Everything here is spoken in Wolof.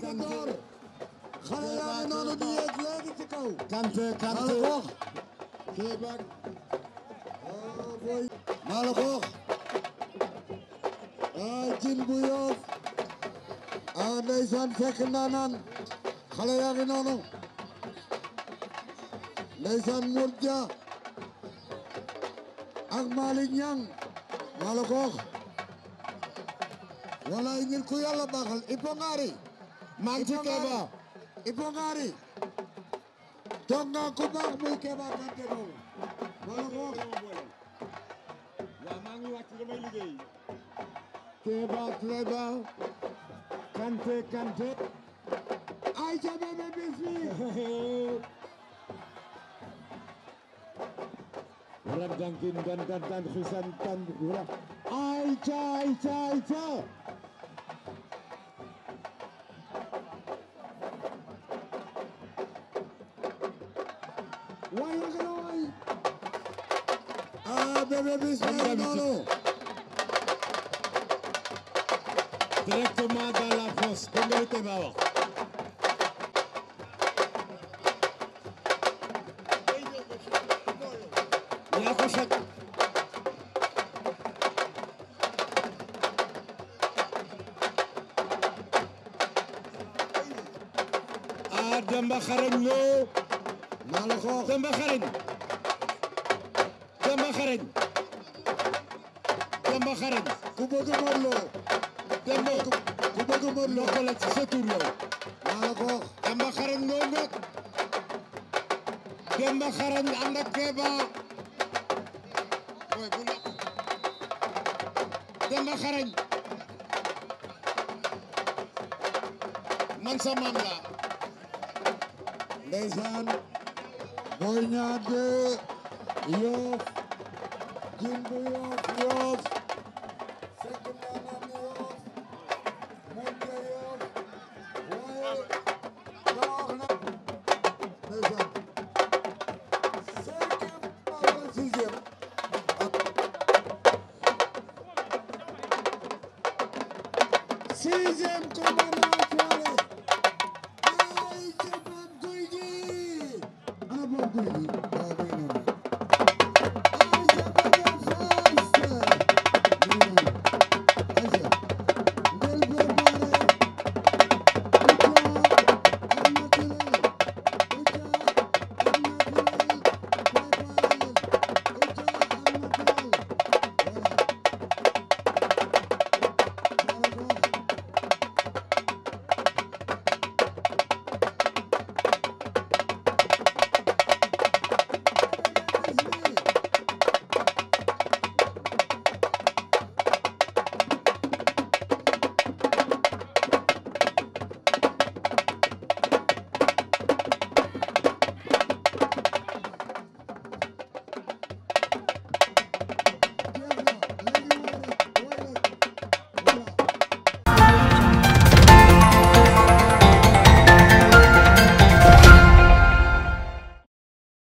Kanté xale yaa ngi noonu di yéeg léegi ci kaw. Kanté Kanté kii bak oh, maa la ko wax ah jin bu yoof ah ndeysaan fekk naa naan xale yaa ngi noonu ndeysaan Mour Dia ak Malick Niang maa la ko wax walaay ngir ku yàlla baaxal ipo ngaari maa ngi ci Kéba Ibou Ngari toog nga ku baax muy Kéba Kanté boobu wala ko waaw maa ngi wàcc damay liggéey Kéba Kéba Kanté ay ca bébé bis bi wara dankin dan xisan tan wara ay ca ay ca Ah, bébé pas non, Directement dans la France. comme La Adam ah, maa la ko Demba Xarañ Demba Xarañ ku bëgg Modou Lo Demba ku bëgg Modou Lo ko ci sa la maa la ko Demba Xarañ noo nekk Demba Demba Xarañ man sa maam la oynadı. Yok. Gün bu yok. Yok. Sekimlanan yok. Medya yok. Vay. Dağına. Mesela. Sekim. Sizim. Sizim kumandan. you.